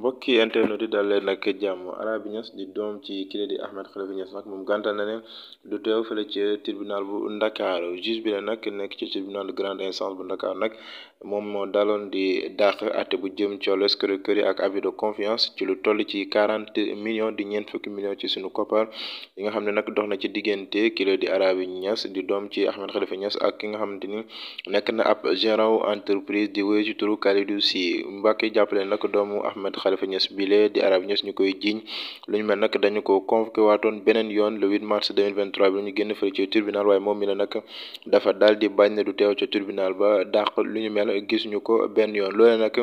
mbokki internet yi dal leen nag jàmm Arabi Niass di doom ci kile di Ahmed Khalifa Niass nag moom gàntal na ne du teew fële ci tribunal bu Ndakaaru juge bi la nag nekk ci tribunal de grande instance bu Ndakaaru nag moom moo daloon di dàq àtte bu jëm ci wàllu escroquerie ak abus de confiance ci lu toll ci quarante millions di ñeent fukki millions ci suñu koppar yi nga xam ne nag dox na ci diggante kile di Arabi Niass di doom ci Ahmed Khalifa Niass ak ki nga xamante ni nekk na ab gérant di wéy ci turu Kalidou Sy Mbacké Khalifa Niass bile di Arab Niass ñu koy jiiñ lu mel nag dañu ko convoqué waatoon beneen yoon le 8 mars 2023 bi ñu génn fële ci tribunal waaye moom mi la dafa daal di bañ ne du teew ca tribunal ba dàq lu ñu mel ñu ko benn yoon loole nag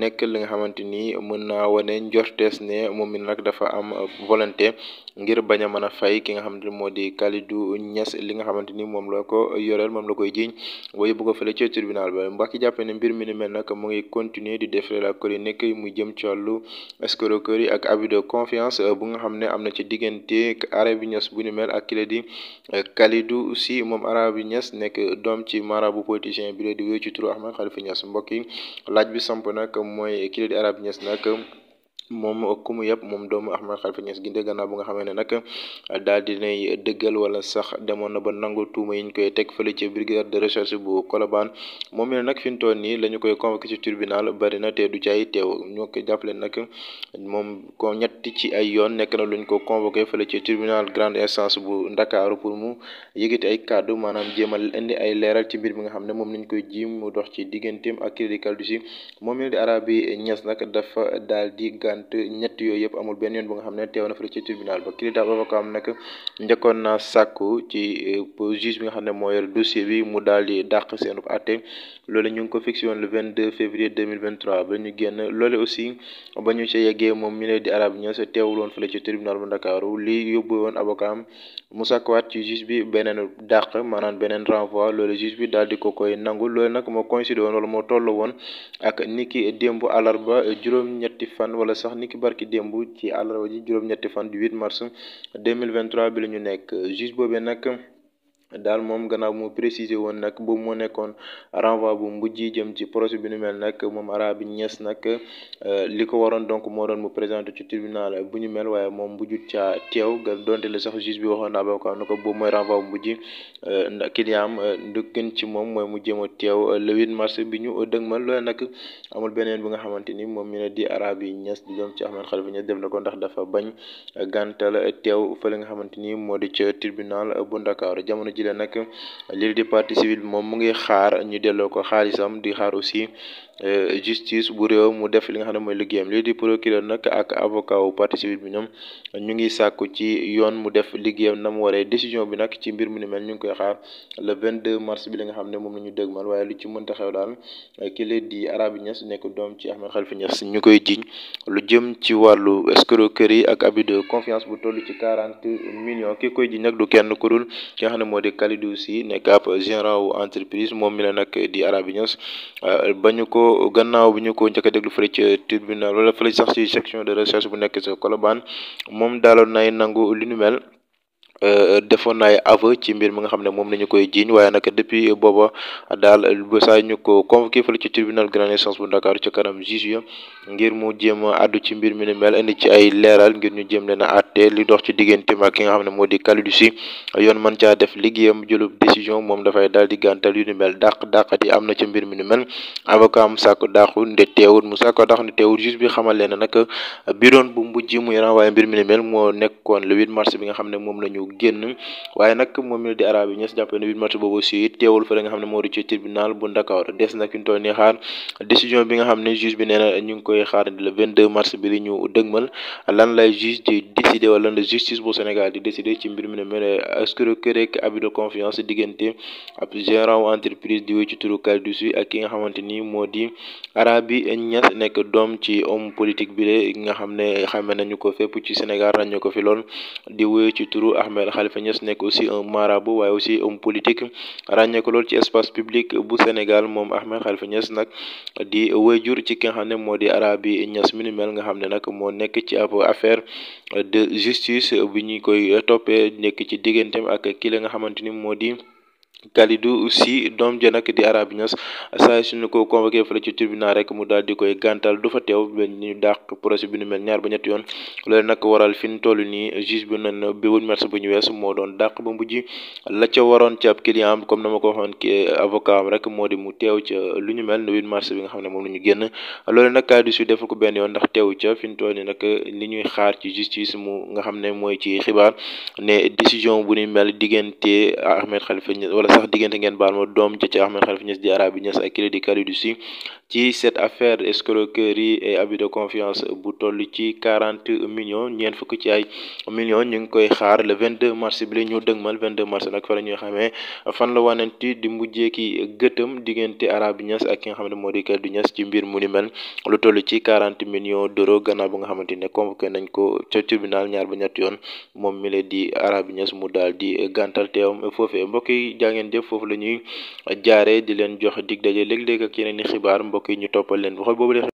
nekk li nga xamante ni mën naa wane njortees ne moom mi nag dafa am volonté ngir bañ a mën a fay ki nga xamante ni moo di Kalidou Niass li nga xamante ni moom la ko yoreel moom la koy jiiñ ba yóbbu fële ca tribunal ba mbaa ki jàppee ne mbir mi mel nag wàllu escroquerie ak abus de confiance euh, bu nga xam ne am na ci diggante Arabi Niass bu ni mel ak kile di euh, Kalidou Sy moom Arabi Niass nekk doom ci marabu politicien bi la di wéy ci turu Ahmed Khalifa Niass mbokk yi laaj bi samp nag mooy kile di Arabi Niass nag. moom ku mu yëpp moom doomu Ahmed Khalifa Niass Guindé gannaaw bu nga xamee ne nag daal di dëggal wala sax demoon na ba nangu tuuma yi ñu koy teg fële ci brigade de recherche bu Colobane moom ne nag fi mu nii la koy convoqué ci tribunal na te du caay teew ñoo ko jàppale ko ñetti ci yoon nekk na lu ko convoqué fële ci tribunal grande instance bu Ndakaaru pour mu yëgati ay kàddu maanaam jéemal indi ay leeral ci mbir bi nga xam ne moom lañ koy ji mu dox ci digganteem ak Crédit Calduci moom ne di Arabi Niass nag dafa daal cinquante ñett yooyu yëpp amul benn yoon bu nga xam ne teew na fa ci tribunal ba kii daal avocat am nag sàkku ci euh, juge bi nga xam ne moo yor dossier bi mu daal di dàq seen àtte loolu ñu ngi ko bi beneen dàq maanaam beneen renvoi loolu juge bi koy nangu loolu nag moo coïncide woon wala moo toll woon ak niki démb àllarba juróom-ñetti fan wala sax niki barki démb ci àllarba ji juróom-ñetti fan du 8 mars 2023 bi la ñu nekk juge boobee nag. daal moom gannaaw mu préciser woon nag boobu moo nekkoon renvoi bu mujj jëm ci procès bi nu mel nag moom Arabi Niass nag euh, li ko waroon donc moo doon mu présenté ci tribunal bu ñu mel waaye moom mujjut caa teew ga donte la sax juge bi waxoon na avocat na ko boobu mooy renvoi bu mujj kiliyaam euh, du euh, gën ci moom mooy mu jëm a teew le 8 bi ñu dëgmal loolu nag amul beneen bu nga xamante ni moom ñu di Arabi Niass di doom ci Ahmed Khalifa Niass def na ko ndax dafa bañ gàntal teew fa li nga xamante ni moo di ca tribunal bu Ndakaaru jamono ji la nag lii di partie civile moom mu ngi xaar ñu delloo ko xaalisam di xaar aussi Euh, justice bu réew mu def li nga xam ne mooy liggéeyam lii di procureur nag ak avocat wu partie civile bi ñoom ñu ngi sàkku ci yoon mu def liggéeyam na mu waree décision bi nag ci mbir mu ni mel ñu ngi koy xaar le 22 mars bi li nga xam ne moom la ñu dëgmal waaye lu ci mënta xew daal kile di Arabi Niass nekk doom ci Ahmed Khalifa Niass ñu koy jiñ lu jëm ci wàllu escroquerie ak abus confiance bu toll ci 40 millions ki koy jiñ nag du kenn ku dul ki nga xam ne moo di Kalidou Sy nekk ab gérant moom mi la nag di Arabi Niass euh, ko gannaaw bi ñu ko njëkk a déglu fële ci tribunal wala fële sax ci section de recherche bu nekk sa Colobane moom o nay nangu li nu mel Euh, defoon na ay ci mbir mi nga xam ne moom la ñu koy jiiñ waaye nag depuis booba daal ba saa ñu ko convoqué fële ci tribunal grande instance bu Dakar ci kanam juge ngir mu jéem a àddu ci mbir mi ni indi ci ay leeral ngir ñu jéem a àtte li dox ci digganteem ak ki xam ne moo di Kalidou Sy yoon mën caa def liggéeyam jëlub décision moom dafay daal di gàntal yu ni mel dàq dàqati am na ci mbir mi ni mel avocat am sàkko dàqu nde teewut mu sàkko ne teewut juge bi bi doon bu mujj muy renvoyé mbir mi ni mel moo nekkoon le 8 mars bi nga xam ne moom la ñu génn waaye nag moom la di Arabi bi match xam ne moo di ci tribunal bu Ndakaaru des nag fi ñu toll nii xaar décision bi nga xam ne juge bi nee bi li ñu dëgmal lan diggante ab gérant entreprise di ci turu Kalidou Sy ak ki nga xamante ni moo di Arabi Niass nekk doom ci homme politique bi de nga xam ne xame nañu ko fépp ci Sénégal ràññee ko fi lool di wéy ci turu Ahmed Khalifa Niass nekk aussi un marabout waaye aussi homme politique ràññee ko lool ci espace public bu Sénégal moom Ahmed Khalifa Niass nag di wéyjur ci ki nga xam ne moo di Arabi Niass mi ni nga xam ne nag moo nekk ci ab affaire de justice bi ñu koy toppee nekk ci digganteem ak ki la nga xamante ni moo di. Kalidou Sy doom ja nag di Araby Niass suñu ko convoqué fële ci tribunal rek mu daal di koy gàntal du fa teew ba ñu dàq procès bi nu mel ñaar ba ñetti yoon loolu nag waral fi ñu toll nii juge bi ba mars bu ñu wees moo doon dàq ba mujj la ca waroon ci ab client comme na ma ko waxoon ki avocat am rek moo di mu teew ca lu ñu mel le 8 mars bi nga xam ne moom la ñu génn loolu nag Kalidou Sy defal ko benn yoon ndax teew ca fi ñu toll nii nag li ñuy xaar ci nga xam ne mooy ci xibaar ne décision bu ñu mel diggante Ahmed Khalifa wala sax diggante ngeen baal ma doom ja ci Ahmed Khalifa Niass di arabi Niass ak kii di Kalidou Sy ci cette affaire escroquerie et abus de confiance bu toll ci quarante millions ñeent fukk ci ay millions ñu ngi koy xaar le 22 mars bi la ñu dëgmal 22 mars nag fa la ñuy xamee fan la wananti di mujjee ki gëtëm diggante Arabi Niass ak nga xam ne moo di Kalidou Niass ci mbir mu ni mel lu toll ci 40 millions d'euros gannaaw bu nga xamante ne convoqué nañ ko ca tribunal ñaar ba ñett yoon moom mi la di Arabi Niass mu daal di gàntal teewam foofee mbokk yi jaa ngeen jëf foofu la ñuy jaaree di leen jox dig daje léeg-léeg ak yeneen i xibaar mbokk mbokk yi ñu toppal leen